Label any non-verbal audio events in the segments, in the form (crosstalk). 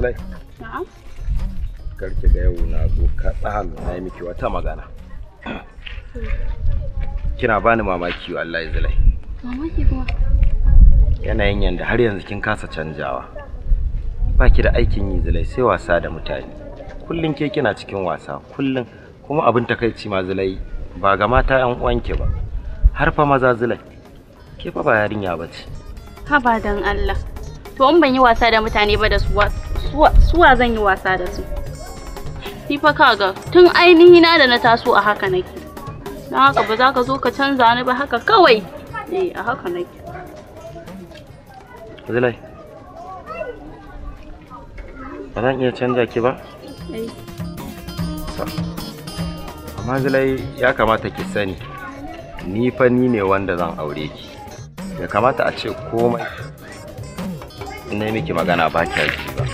Zulai. Na'am. Karki ga yau na zo kaɗan na yi miki wata magana. Kina bani mamaki wallahi Zulai. Mamaki kuma? Yanayin yanda har yanzu kin kasa canjawa. Ba ki da aikin yi Zulai sai wasa da mutane. Kullum ke kina cikin wasa kullum kuma abin takaici ma Zulai ba ga mata 'yan uwanki ba. Har fa maza Zulai. Ke fa ba yarinya ba ce. ba dan Allah. To in ban yi wasa da mutane ba da su wasa. suwa zan yi wasa da su ni fa kaga tun ainihi na da na taso a haka nake don haka ba za ka zo ka canza ni ba haka kawai eh a haka nake Zulai ba zan iya canza ki ba eh. amma Zulai ya kamata ki sani ni fa ni ne wanda zan aure ki ya kamata a ce komai in na yi miki magana ba ki ba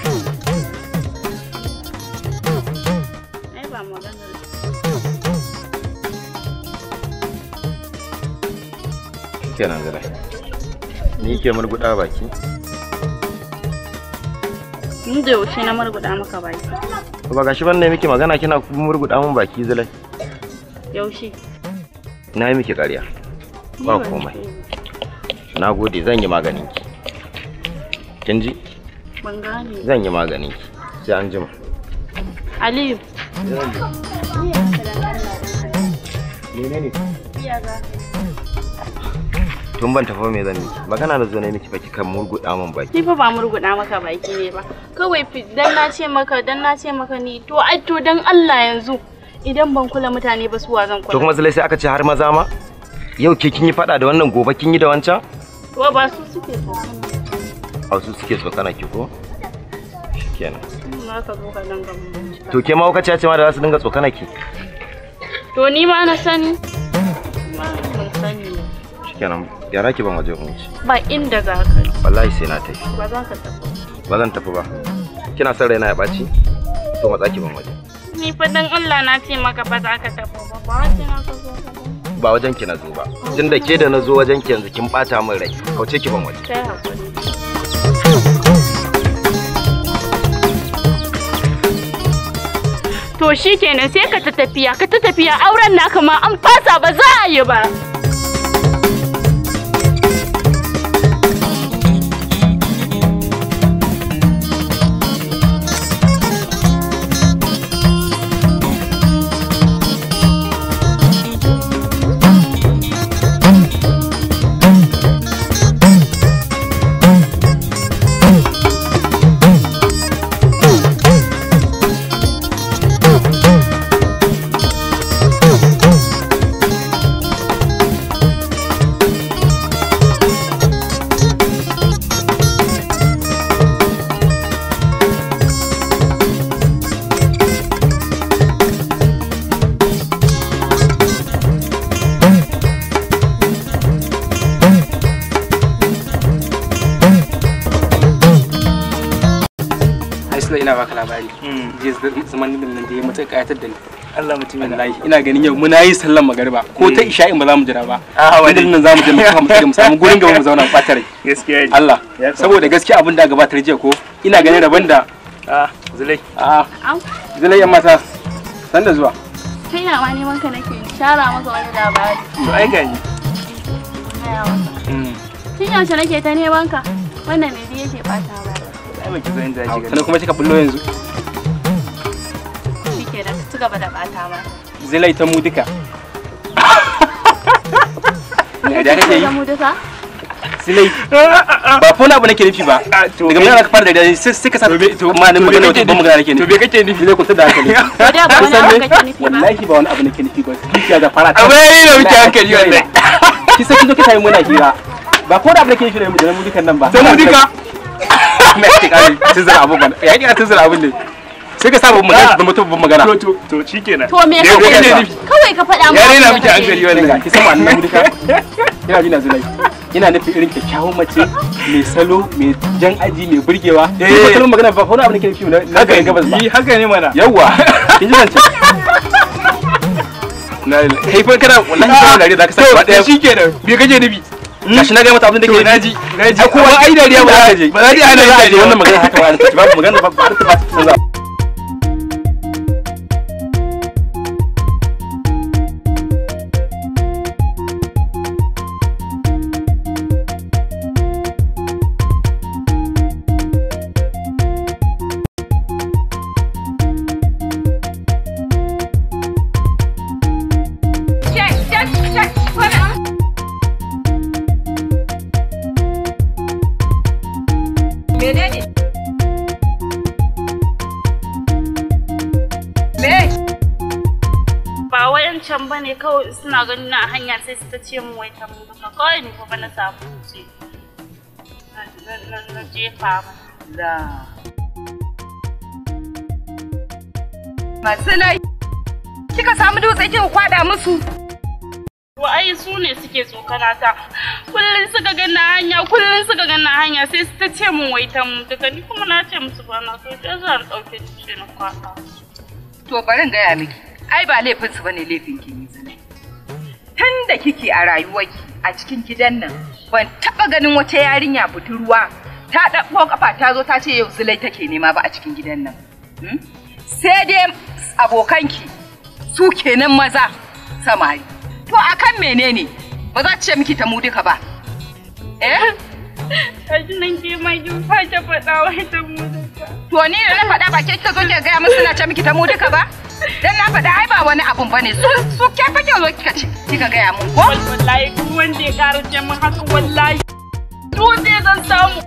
kenan gida ni ke marguda baki ni da yaushe na marguda maka baki ba gashi ban ne miki magana kina murguda mun baki zalai yaushe na yi miki ƙarya ba komai na gode zan yi maganin ki kin ji ban gane zan yi maganin ki sai an jima aliyu menene iya ga tun ban tafi me zan yi magana da zo ne miki baki kan murguda mun baki ni fa ba murguda maka baki ne ba kawai dan na ce maka dan na ce maka ni to ai to dan Allah yanzu idan ban kula mutane ba su wa zan kula to kuma sai aka ce har maza ma yau ke kin yi fada da wannan gobe kin yi da wancan to ba su suke so a su suke so kana ki ko shikenan to ke ma kuka ce ma da za su dinga tsokana ki to ni ma na sani shikenan ya raki ban waje in ci ba inda za ka wallahi sai na tafi ba za ka tafi ba zan tafi ba kina son raina ya ɓaci to matsa ki ban waje ni fa dan Allah na ce maka ba za ka tafi ba ba wajen ka zo ba wajen ki na zo ba tun da ke da na zo wajen ki yanzu kin bata min rai kauce ki ban waje To shikenan kenan sai ka ta tafiya, ka ta tafiya auren naka ma an fasa ba za a yi ba. tsammanin da nan da ya mata kayatar da ni Allah mutum ya lahi ina ganin yau muna yi sallan magariba ko ta hmm. isha'in ba za mu jira ba ah, inda nan za mu je mu kama mu samu gurin gaba mu zauna mu fata rai gaskiya Allah saboda gaskiya abin da gabatar jiya ko ina ganin rabon da ah, zulai ah, zulai yan mata san da zuwa kai na ma neman ka nake maka wani labari to ai gani hmm. Hmm. yaushe nake ta neman ka wannan yake bata ba bullo yanzu ci gaba da bata ma zilai ta mu duka ne (laughs) da kake yi mu duka silai ba fa abu nake nufi ba (laughs) ah, daga mun ka fara da dai sai sai ka sa to ma nan magana wata ban magana nake nufi to be kake nufi zai kunta da hankali ba (laughs) da ba wani kake nufi ba wallahi ba wani abu nake nufi ba kiya da fara ta abai da wuce hankali wannan ki sai kin zo ki tayi muna hira ba ko da abu nake nufi da mu dukan nan ba sai mu duka Me kike kai? tun zira abun ba ya kira tun zira abun ne sai ka saba magana ah. zama ta babban magana to to shikenan to me ka kawai ka faɗa mu yare na miki an gari wannan ki san wannan duka ina jina zulai ina nufin irin kyakkyawan mace mai salo mai jan aji mai burgewa eh ba kalmar magana ba ko wani abu nake nufi na ga gaba ba haka ne mana yawa kin ji nan ce zance kai fa kana wannan wallahi da ah. dare zaka saka daya shikenan me kake nufi hmm? gashi na ga mata abin da ke naji naji ko ai dariya ba za ka je ba za ka je wannan magana haka ba ba magana ba ba ta ba menene me ba wayancan ba ne kawai suna ganin na hanya sai su ta ce mu wai ta muka kawai ne kuma na samu ce na jefa ba da masu kika samu dutse kika kwada musu ai su ne suke tsokana ta kullum suka gana hanya kullum suka gana hanya sai su ta ce mun waita mu daga ni kuma na ce musu ba na so ta zan dauke ni ce na kwata to bari in gaya miki ai ba laifin su bane laifin ki ne tun da kike a rayuwarki a cikin gidan nan ban taba ganin wata yarinya budurwa ta dabbo kafa ta zo ta ce yau zulai take nema ba a cikin gidan nan hmm? sai dai abokanki su kenan maza samari To kan menene? Ba za ce miki ta mu duka ba. Eh? Kaji nan ke ma kin sake faɗa wai ta mu duka. To ni da na faɗa ba ke ta zo kika gaya musu na ce miki ta mu duka ba? Dan na faɗa ai ba wani abun bane su su ke fa zo kika ce kika gaya mun ko? Wallahi duk wanda ya karu ce mun haka wallahi. Duk zai zan samu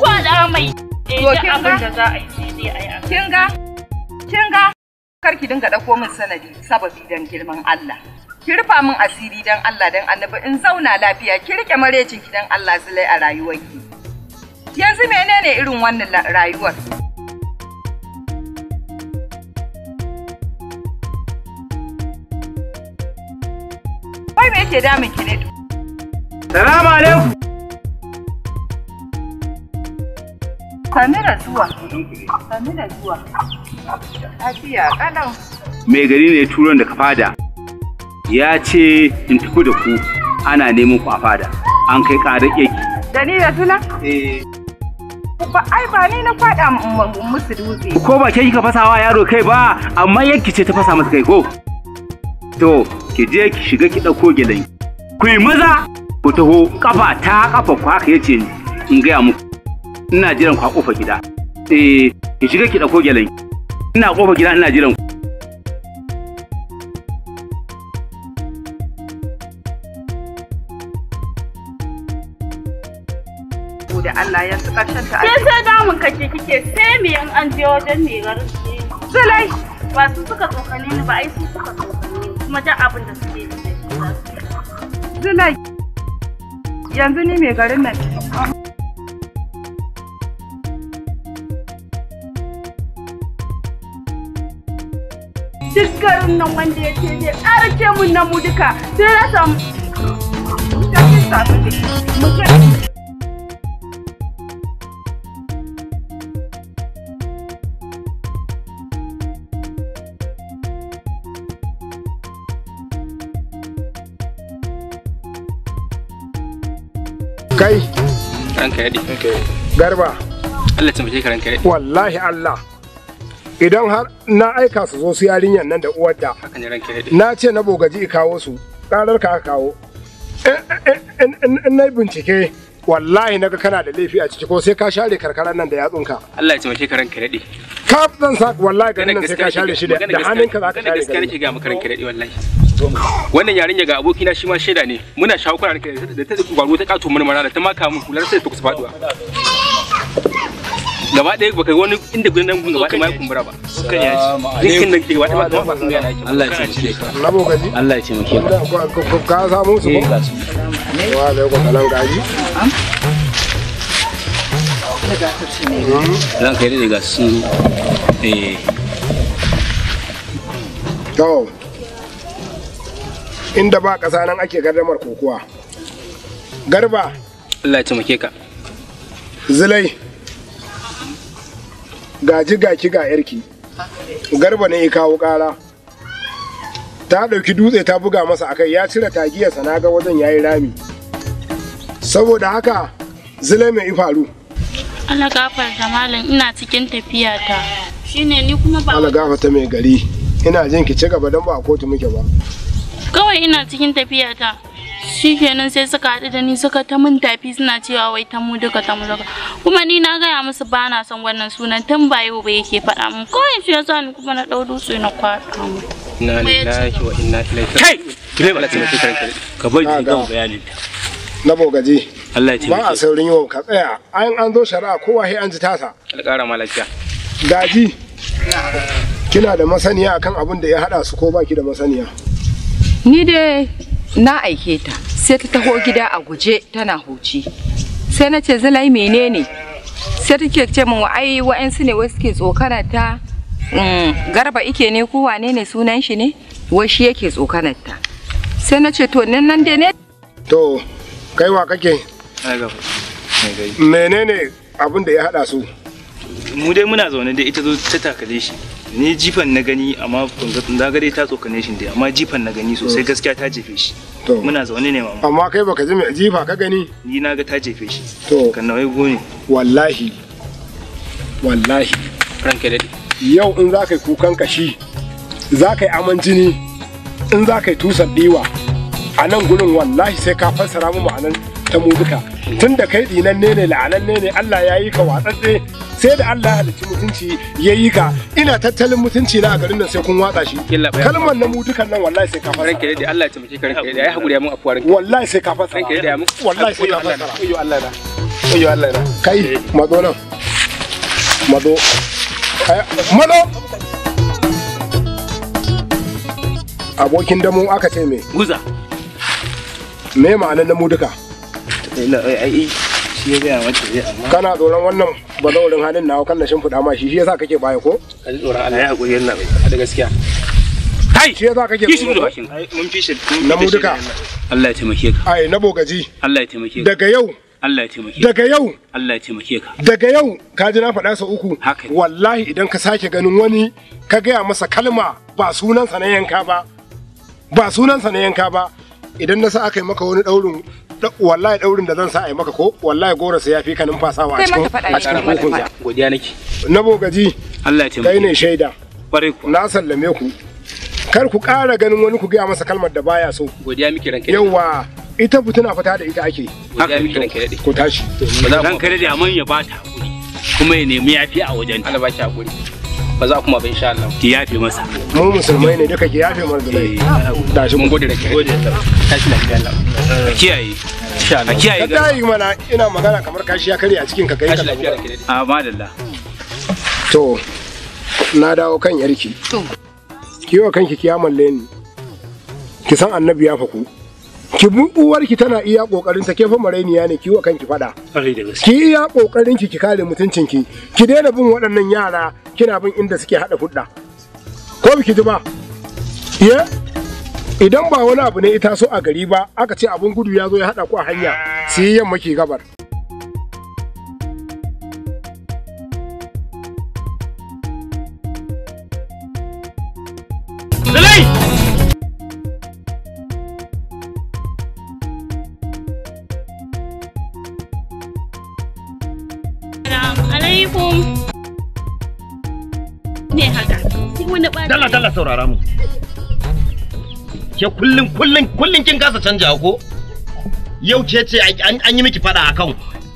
kwaɗa mai. Eh, abin da za a yi sai dai a a Kin ga? Kin ga? Kar ki dinga ɗauko min sanadi sababi dan girman Allah. ki rufa min asiri dan Allah dan annabi in zauna lafiya ki rike marecin ki dan Allah zulai a rayuwarki yanzu menene irin wannan rayuwar Wai me yake damun ki ne? Salamu alaikum. Kamila zuwa. Kamila zuwa. Lafiya kalau. Me gari ne turon da ka fada. ya ce in tafi da ku ana neman ku a fada an kai ƙarar yaki. Da ni da tuna? Eh. Ba ai ba ni na fada musu dutse. Ko ba ke kika fasawa yaro kai ba amma yanki ce ta fasa masa kai ko? To ki je ki shiga ki ɗauko gidan. Ku yi maza ku taho kafa ta kafa ku haka yace in gaya muku. Ina jiran ku a ƙofa gida. Eh ki shiga ki ɗauko gidan. Ina ƙofa gida ina jiran ku. saboda Allah yanzu ƙarshen ta Ke sai damun kake kike sai me in an je wajen ne garin ke. Zulai. Ba su suka tsokane ni ba ai su suka tsokane ni kuma duk abin da suke yi da shi. Yanzu ni me garin nan. Duk garin nan wanda ya ce zai ƙarke mun na mu duka sai Mutane samu. Mutum kai ranka yadi garba Allah ka ranka wallahi Allah idan har na aika su zo su yarinyar nan da uwar da na ce na bogaji kawo su karar ka kawo in na bincike wallahi naga kana da laifi a ciki ko sai ka share karkaran nan da yatsunka Allah ya ka ranka dade ka zan sa wallahi garin nan sai ka share shi da hannunka za ka share garin ga dade wallahi wannan yarinya ga aboki na shi ma shaida ne muna shawo kwanar da ta gwaro ta kato marmara da ta maka mun kula sai ta kusa faduwa gaba ɗaya baka wani inda gudun nan gaba ɗaya ma kumbura ba kan ya ci rikin nan gaba ɗaya ma ba sun gana ki Allah ya taimake ka ji? Allah ya taimake ka ka samu su ba eh, wa da alaikum salam gaji Zan kai da ga sun eh. To, inda ba ƙasa nan ake gardamar kokowa garba Allah ya taimake ka zulai gaji gaki ga yarki garba ne ya kawo ƙara ta ɗauki dutse ta buga masa akai ya cire tagiyarsa na ga wajen ya yi rami saboda haka zulai mai ifaru Allah gafarta malam ina cikin tafiya ta shine ni kuma ba Allah gafarta mai gari ina jin ki ci gaba don ba a kotu muke ba kawai ina cikin tafiya ta shikenan sai suka haɗu da ni suka ta min tafi suna cewa wai ta mu duka ta mu duka kuma ni na gaya musu ba na son wannan sunan tun ba yau ba yake faɗa min kawai shi yasa ni kuma na ɗau dutse na kwaɗa mu na lillahi wa inna ilaihi kai kire ba ta mutu ka bar ji zan bayani na bogaji Allah ya ce ba a saurin yau ka tsaya an an zo shari'a kowa sai an ji tasa alƙara malakiya gaji kina da masaniya akan abin da ya haɗa su ko baki da masaniya ni dai na aike ta sai ta taho gida a guje tana huci sai na ce zalai menene sai take ce min ai wa'ansu ne wai suke tsokana ta mm, garba ike ne ko wane ne sunan shi ne wai shi yake tsokanar ta sai na ce to nan nan dai ne to kai wa kake menene abin da ya hada su mu dai muna zaune da ita zo ta takale shi ni jifan na gani amma na gare ta tsokane shi dai amma jifan na gani sosai mm. gaskiya ta jefe shi muna zaune ne mama amma kai baka ji mai jifa ka gani ni na ga ta jefe shi to kan nawai gone wallahi wallahi ranka dade yau in za kai kukan kashi za kai aman jini in za kai tusar diwa a nan gurin wallahi sai ka fassara mu ma'anar ta mu duka mm. tunda kai dinan ne ne la'anan ne ne Allah ya yi ka watsatse sai da Allah ya halicci mutunci ya yi ka ina tattalin mutunci na a garin nan sai kun watsa shi kalmar na mutukan nan wallahi sai kafa ranke da Allah ya taimake ka ranke da ya hakuri mu afuwar ranke wallahi sai kafa ranke da mu wallahi sai kafa ayyo Allah da ayyo Allah da kai eh. mazo nan mazo mazo abokin damo aka ce me guza me ma'anar na mutuka eh, eh, ai shi ya gaya wacce zai amma kana tsoron wannan bazaurin halin nawa kan na shimfiɗa ma shi shi yasa kake baya ko ka ji tsoron Allah ya hakuri yana mai da gaskiya kai shi yasa kake kishi da bakin mun fi shi na mu duka Allah ya taimake ka ai na bogaji Allah ya taimake ka daga yau Allah ya taimake ka. Daga yau. Allah ya taimake ka. Daga yau ka ji na faɗa sa uku. Haka. Wallahi idan ka sake ganin wani ka gaya masa kalma ba sunansa na yanka ba. Ba sunansa na yanka ba. Idan na sa aka yi maka wani ɗaurin wallahi daurin da zan sa a yi maka ko wallahi gora sai yafi ka numfasawa a cikin a cikin godiya nake na bogaji Allah ya taimake kai ne shaida bare ku na sallame ku kar ku ƙara ganin wani ku gaya masa kalmar da baya so godiya miki ranke yawa ita fituna fita da ita ake godiya miki ranke dade ku tashi ranke da amman ya ta hakuri kuma ya nemi yafi a wajen Allah ba shi hakuri ba za kuma ba insha Allah ki yafe masa mu musulmai ne duka ki yafe mana da eh, shi mun gode da ki gode tashi lafiya Allah kiyaye a kiyaye ka tayi mana ina magana kamar kashi ya kare a cikin ka kai ka a madalla to na dawo kan yarki kiwa kanki kiyaman ni ki san annabi ya faku ki bin uwarki tana iya kokarin ta ke fa marainiya ne kiwa kanki fada ki iya kokarin ki ki kare mutuncin ki ki daina bin waɗannan yara kina bin inda suke hada hudda ko biki ji ba idan ba wani abu ne ita so a gari ba aka ce abin gudu ya zo ya haɗa ku a hanya sai yamma ke gabar alaikum. Ne haka, saurara mu. ke kullum kullum kullum kin kasa canja ko yau ke ce an yi miki fada akan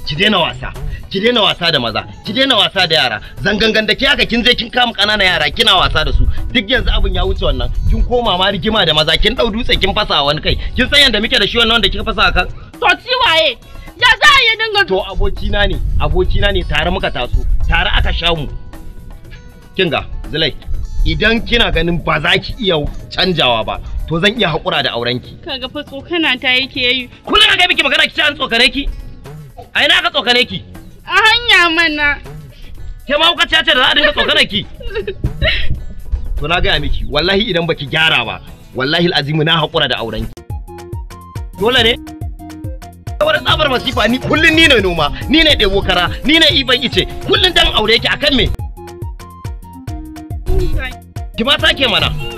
ki daina wasa ki daina wasa da maza ki daina wasa da yara zangangan da ke haka kin je kin kama kanana yara kina wasa da su duk yanzu abin ya wuce wannan kin koma ma rigima da maza kin dau dutse kin fasa wani kai kin san yanda muke da shi wannan wanda kika fasa kan to ci waye ya za ya dinga to abokina ne abokina ne tare muka taso tare aka sha mu kinga zulai idan kina ganin ba za ki iya canjawa ba to zan iya haƙura da aurenki. Kaga fa tsokana ta yake yi. Kullum aka miki magana ki ce an tsokane ki? A ina aka tsokane ki? A hanya mana. Ke ma kuka ce da za a dinga tsokana ki? To na gaya miki wallahi idan baki gyara ba wallahi al'azimu na haƙura da aurenki. Dole ne? Kawar tsabar masifa ni kullum ni ne noma, ni ne ɗebo kara, ni ne iban ice, kullum dan aure ki akan me? Ki ma take mana.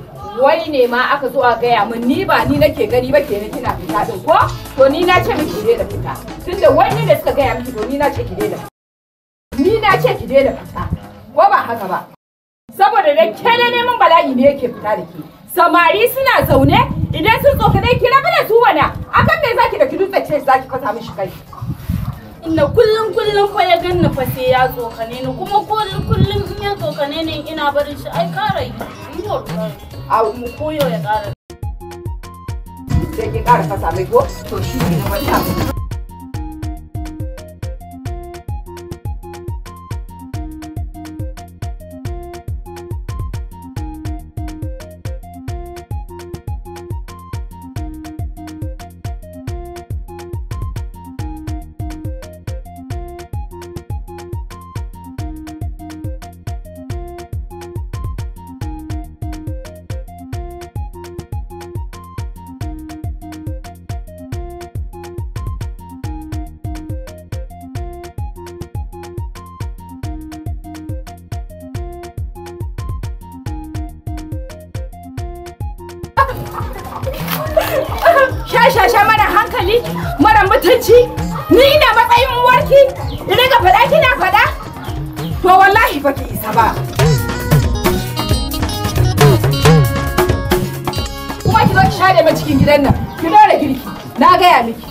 wai ne ma aka zo a gaya min ni ba ni nake gani ba ke kenan kina fita din ko to ni na ce miki da fita tunda wai ne da suka gaya miki to ni na ce ki fita. ni na ce ki da fita ko ba haka ba saboda dai ke ne neman bala'i ne yake fita da ke samari suna zaune idan sun tsoka dai kira rabu da su wana akan me zaki da ki dutse ce zaki kwata mishi kai inna kullum kullum fa ya ganna fa sai ya kane ni kuma kullum kullum in ya kane ni ina barin shi ai ni yi au mkuyo ya gara. Seje gara pasa amego. Toshi ni mwanadamu. shashasha mara hankali mara mutunci ni ina matsayin uwarki idan ka faɗa kina faɗa to wallahi baki isa ba kuma ki zo ki share ma cikin gidan nan ki dole girki na gaya miki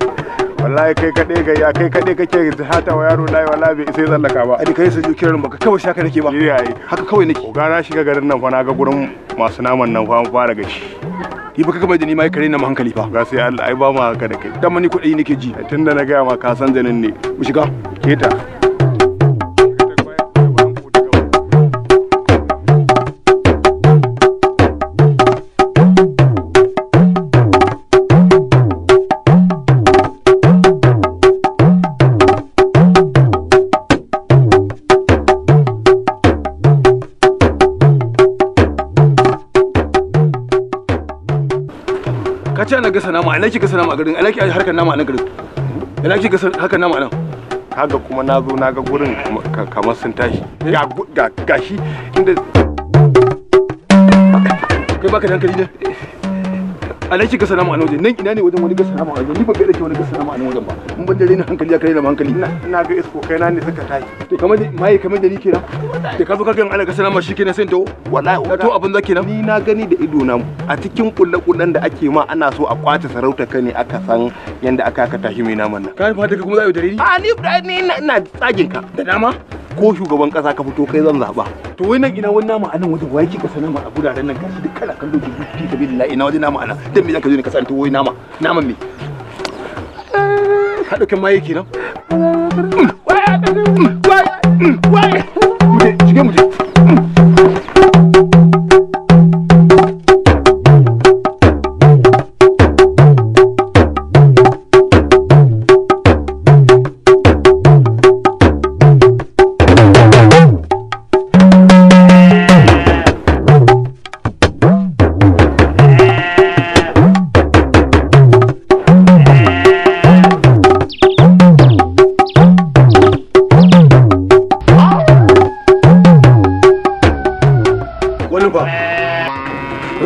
wallahi kai kaɗai ga ya kai kaɗai kake zata wa yaro layi wallahi bai isa ya tsallaka ba adi kai sai ji kiran baka kawai shaka nake ba yayi haka kawai nake ga na shiga garin nan fa na ga gurin masu naman nan fa fara gashi ni baka kamar da ni ma kare na hankali fa ga sai Allah ai ba mu haka da kai dan mani kuɗi nake ji tunda na ga ma ka san janin ne mu shiga keta kina sana mu alaki ki sana mu a garin alaki ki harkar nama a nan garin alaki ki gasa harkar namu a nan kaga kuma na zo na ga gurin kamar sun tashi eh? ga ga gashi inda kai baka dankali ne alaiki salama salamu alaihi nan ina ne wajen wani ga salamu alaihi ni ba da ke wani ga salama alaihi wajen ba mun ban dare ni hankali ya kai da hankali ina ga isko kai na ne saka tai to kamar da mai kamar da ni nan da ka buka ka ga ana ga salama kenan sai to wallahi to abin zake nan ni na gani da ido na a cikin kullakullan da ake ma ana so a kwace sarauta ka ne aka san yanda aka ka tashi mai naman nan ka fata kuma za a yi dare ni a ni ina tsagin ka da dama ko shugaban kasa ka fito kai zan zaba to wai nan ina wani nama anan wajen wai kika sanar ma a guraren nan gashi duk kala kallo dubu fi billahi ina wajen nama anan dan me zaka zo ne ka to wai nama nama me ka dauke mai kenan wai wai wai mu je shige mu je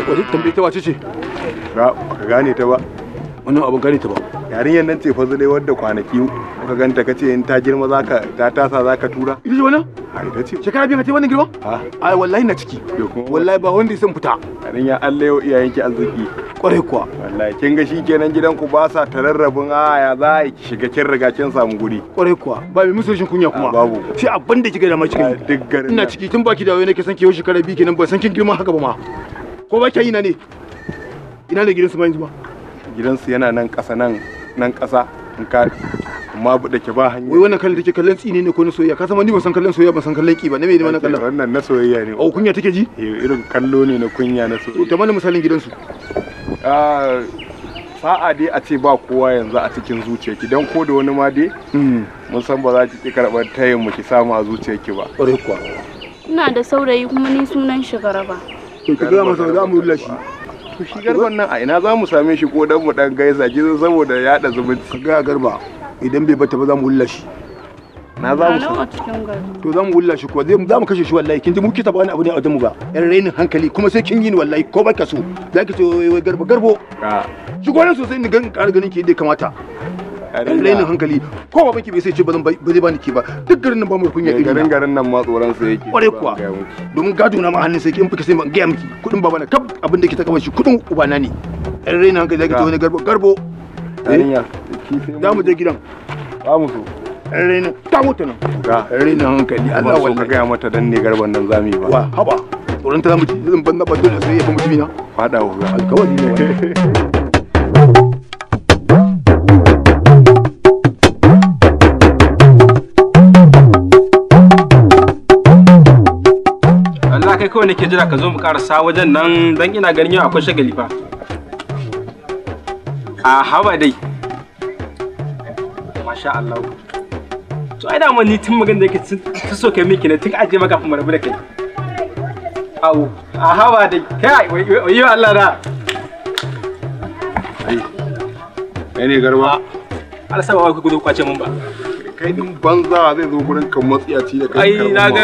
Wace tambaye ta wace ce? ka gane ta ba. Wannan abin gane ta ba. Yarinyar nan ce fazile wadda kwanaki ka ganta ka ce in ta girma za ta tasa za tura. Ita ce wannan? A ita ce. Shekara biyu ka ce wannan girma? A. Ai wallahi na ciki. Wallahi ba wanda ya san fita. Yarin ya Allah yau iyayenki arziki. Kwarai kuwa. Wallahi kin ga shi gidanku ba sa tararrabin ah, za a shiga kin riga kin samu guri. Kwarai kuwa. Ba mai musu kunya kuma. Babu. Sai abin da kika da mace kai. Ina ciki tun baki da wai nake san ki yau shekara biyu kenan san kin girma haka ba ma. ko ba yi na ne ina ne gidansu ba yanzu gidansu yana nan ƙasa nan nan ƙasa in ka amma da ke ba hanya wai wannan kallon take kallon tsini ne ko na soyayya ka san ni ba san kallon soyayya ba san kallon ki ba na me ne wannan kallon wannan na soyayya ne oh kunya take ji eh irin kallo ne na kunya na soyayya to mana misalin gidansu ah sa'a dai a ce ba kowa yanzu a cikin zuciyarki dan ko da wani ma dai hmm. mun san ba za ki ki karɓar tayin mu ki samu a zuciyarki ba ƙwarai kuwa ina da saurayi kuma ni sunan shi to ki gaya masa za mu rulla shi to shi garban nan a ina za mu same shi ko dan mu dan gaisa ji saboda ya da zumunci ka gaya garba idan bai bata ba za mu rulla shi na za mu to za mu rulla shi ko za mu kashe shi wallahi kin ji mu kita bani abu ne a wajen mu ba yan rainin hankali kuma sai kin yi ni wallahi ko baka so za ki wai eh, garba garbo shigo ne sosai ni ganin ƙara ganin ki yadda kamata rainin hankali ko a ki bai sai ce ba zan ba zai ba duk garin nan ba mu kunya irin garin garin nan ma tsoron sa yake kware kuwa domin gado na ma hannun sai kin fuka sai ban gaya miki kudin babana kab abin da ke ta shi kudin ne hankali wani garbo garbo eh? yarinya za mu je gidan ba mu so rainin ta mutu nan ga rainin hankali Allah wallahi ka gaya mata dan ne garban nan zamu wa haba tsoron ta zamu ci zan dole sai ya fa mutumi na fada wa ne (laughs) kawai nake jira ka zo mu karasa wajen nan dan ina ganin yau akwai shagali fa a haba dai masha Allah to ai dama ni tun magana da yake ta so kai miki ne tun aje maka fa marabu da kai Awo. a haba dai kai wai Allah da ai ne garba alsa ba ku zo kwace mun ba kai din banza zai zo gurin kan matsiya ci da kai ai na ga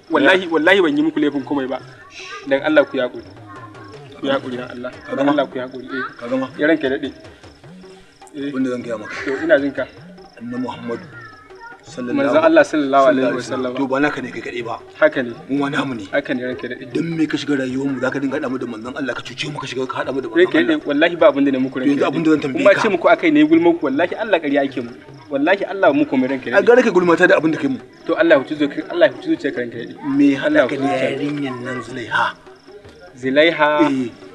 wallahi wallahi ban yi muku laifin komai ba dan Allah ku yaƙuri ku yaƙuri dan Allah dan Allah ku yaƙuri eh ka gama ya ranke dade eh wanda zan gaya maka to ina jinka annabi Muhammadu manzo Allah sallallahu alaihi wasallam to ba naka ne kai kadai ba haka ne mu wani mu ne haka ne ranka dade dan me ka shiga rayuwar mu zaka dinga hada mu da manzon Allah ka cuce mu ka shiga ka hada mu da manzon Allah ranka wallahi ba abin da ne muku ranka yanzu abin da zan tambaye ka kuma ce muku akai ne gulman ku wallahi Allah ƙarya ake mu wallahi Allah mu komai ranka dade a gare ka ta da abin da kai mu to Allah ya huci zuciya Allah ya huci zuciya ranka dade me halaka ne yarinyan nan Zulaiha Zulaiha eh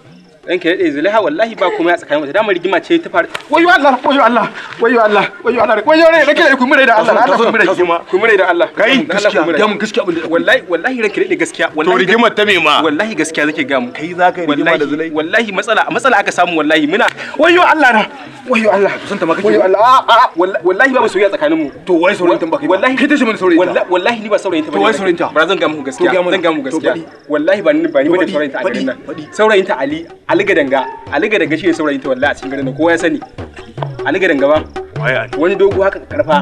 dan ki dade zulaiha wallahi ba kuma ya tsakanin mata dama rigima ce ta faru wayo Allah wayo Allah wayo Allah wayo Allah wayo rai rake ku mure da Allah Allah ku mure rigima da Allah kai gaskiya ga gaskiya abin wallahi wallahi gaskiya wallahi to rigimar ta me ma wallahi gaskiya zake ga kai za ka rigima da zulai wallahi matsala matsala aka samu wallahi muna wayo Allah na wayo Allah san ta ma wayo Allah wallahi ba mu soyayya tsakanin mu to wai ta ba wallahi kai ta shi mun saurayin ta wallahi ni ba saurayin ta to wai ta ba zan gaskiya zan ga gaskiya wallahi ba ni ba ni ba ta a garin nan ta Ali aliga danga aliga danga shi ne saurayin ta wallahi a cikin garin kowa ya sani aliga danga ba wani dogo haka karfa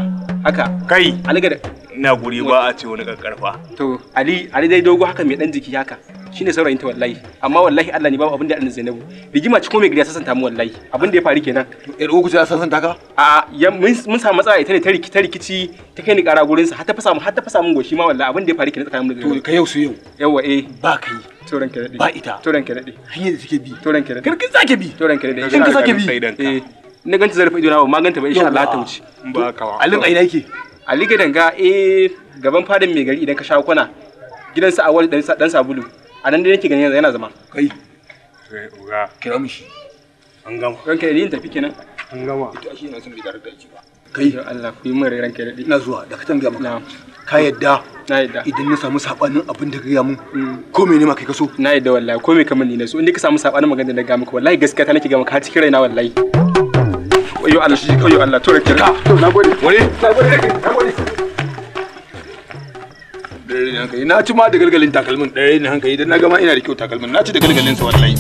haka kai aliga da na guri ba a ce wani karfa to ali ali dai dogo haka mai dan jiki haka shine saurayin ta wallahi amma wallahi Allah ne babu abin da annabi Zainabu rigima ci ko mai gari ya sasanta mu wallahi abin da ya faru kenan ɗan uku ta sasanta ka a mun samu matsala ita ne ta rikici ta rikici ta kai ni kara gurin sa har ta fasa mu har ta fasa mun goshi ma wallahi abin da ya faru kenan tsakanin mu to ka yau su yau yawa eh ba kai to ranke dade ba ita to ranke dade hanyar da take bi to ranke dade kirkin sake bi to ranke dade ka sake bi eh na ganta zarafi ido na ba ma ganta ba insha Allah ta wuce ba kawa alin aina yake ali ga danga eh gaban fadan mai gari idan ka sha kwana gidansa a wani dan sabulu a nan dai nake ganin yana zama kai kai eh, uga kira mishi shi an gama ranka ne tafi kenan an gama ita shi na son bi tare da aiki ba kai Allah ku yi mare ranka dai ina zuwa da ka tambaya maka ka yadda na yadda idan na samu sabanin abin da gaya mun mm. ko me ne ma kai kaso na yadda wallahi ko me kamar ni na so in ka samu sabanin magana da ga maka wallahi gaskiya ta nake ga maka har cikin raina wallahi wayo Allah shi wayo Allah to ranka ah, to nagode wani nagode nagode dare ne hankali na ci ma da galgalin takalmin dare ne hankali dan na gama ina da kyau takalmin na ci da galgalin sa wallahi